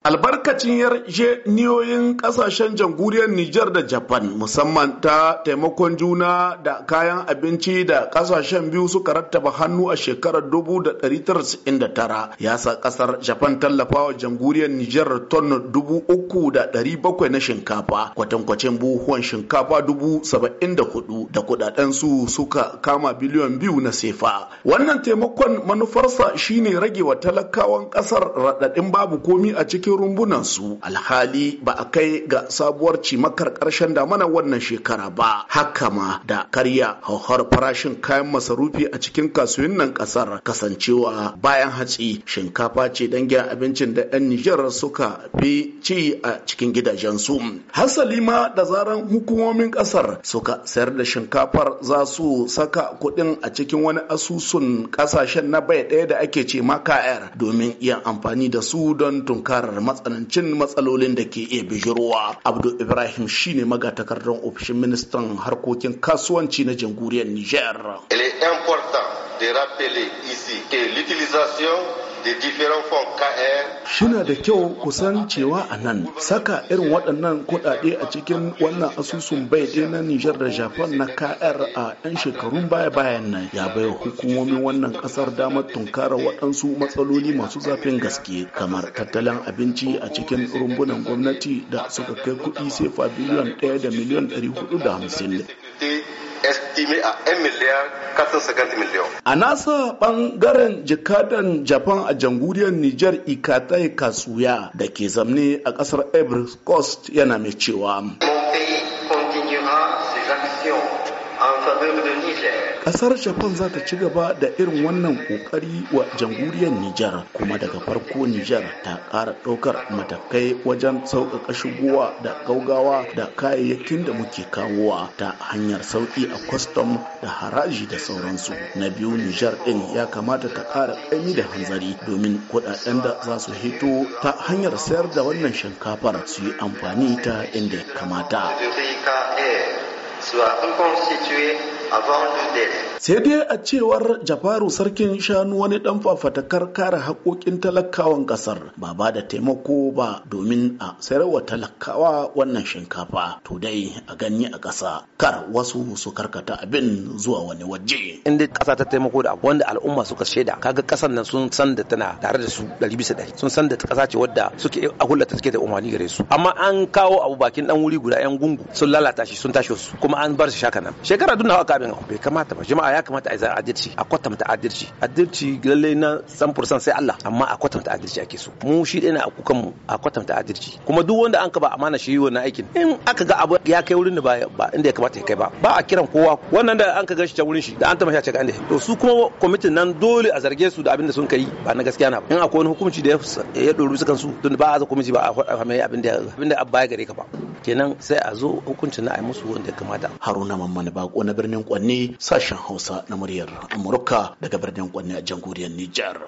albarkacin yarje-niyoyin kasashen jamhuriyar Nijar da Japan musamman ta taimakon juna da kayan abinci da kasashen biyu suka rattaba hannu a shekarar 1999 ya sa kasar Japan tallafawa jamhuriyar Nijar ton 3,700 na shinkafa kwatankwacin buhuwan shinkafa 74,000 da kudaden su suka kama biliyon biyu na sefa wannan taimakon manufarsa shine rage wa talakawan kasar raɗaɗin babu komi a cikin cikin rumbunansu alhali ba a kai ga sabuwar cimakar ƙarshen damana wannan shekara ba haka ma da karya hauhar farashin kayan masarufi a cikin kasuwannin ƙasar kasancewa bayan hatsi shinkafa ce gina abincin da 'yan Nijar suka fi ci a cikin gidajen su, Hasali ma da zaran hukumomin ƙasar suka sayar da shinkafar za su saka kuɗin a cikin wani asusun ƙasashen na bai ɗaya da ake ce maka'ar domin iya amfani da su don tunkarar da matsanancin matsalolin da ke iya bijirowa abdul ibrahim shine magatakardar ofishin ministan harkokin kasuwanci na jamhuriyar niger il est important de rappeler ici que l'utilisation Shina da kyau kusan cewa a nan saka irin waɗannan kuɗaɗe a cikin wannan asusun bai na Nijar da Japan na KR a 'yan shekarun baya-bayan nan ya bai hukumomin wannan ƙasar damar tunkara waɗansu matsaloli masu zafin gaske kamar tattalin abinci a cikin rumbunan gwamnati da suka kai kuɗi sefa biliyan ɗaya da miliyan ɗari hudu da hamsin. estimé à 1 milliard 450 millions. A nasa bangaren jikadan Japan a jamhuriyar Nijar Ikatai Kasuya da ke zamne a kasar Ivory Coast yana mai cewa. Kasar Japan za ta ci gaba da irin wannan kokari wa jamhuriyar Nijar kuma daga farko Nijar ta ƙara ɗaukar matakai wajen sauƙaƙa shigowa da gaugawa da kayayyakin da muke kawowa ta hanyar sauƙi a kwastam da haraji da sauransu. Na biyu Nijar ɗin ya kamata ta ƙara ƙaimi da hanzari domin kuɗaɗen da za su hito ta hanyar sayar da wannan shinkafar su yi amfani ta inda ya kamata. soit reconstitué avant le délai. sai dai a cewar jafaru sarkin shanu wani dan fafatakar kare haƙoƙin talakawan kasar ba ba da taimako ba domin a sayarwa talakawa wannan shinkafa to dai a ganye a ƙasa kar wasu su karkata abin zuwa wani waje in dai ƙasa ta taimako da abu wanda al'umma suka shaida kaga ƙasar nan sun san da tana tare da su ɗari bisa ɗari sun san da ƙasa ce wadda suke a hulata suke da umarni gare su amma an kawo abu bakin dan wuri guda yan gungu sun lalata shi sun tashi su kuma an bar shi shaka nan shekara dun haka abin bai kamata ba jama'a ya kamata a yi adirci a kwatanta adirci adirci lallai na fursan sai Allah amma a kwatanta adirci ake so mu shi dai na akukan mu a kwatanta adirci kuma duk wanda an ka ba amana shi wannan aikin in aka ga abu ya kai wurin da ba inda ya kamata ya kai ba ba a kiran kowa wannan da an ka ga shi can wurin shi da an ta mashi a cikin to su kuma kwamitin nan dole a zarge su da abin da sun kai ba na gaskiya na ba in akwai wani hukunci da ya ɗori su kansu tun ba a za kwamiti ba a faɗa mai abin da abin da abba ya gare ka ba kenan sai a zo hukuncin na a yi musu wanda ya kamata haruna mamman bako na birnin kwanne sashen hausa Musa na muryar Amurka daga birnin Kwanne a jamhuriyar Nijar.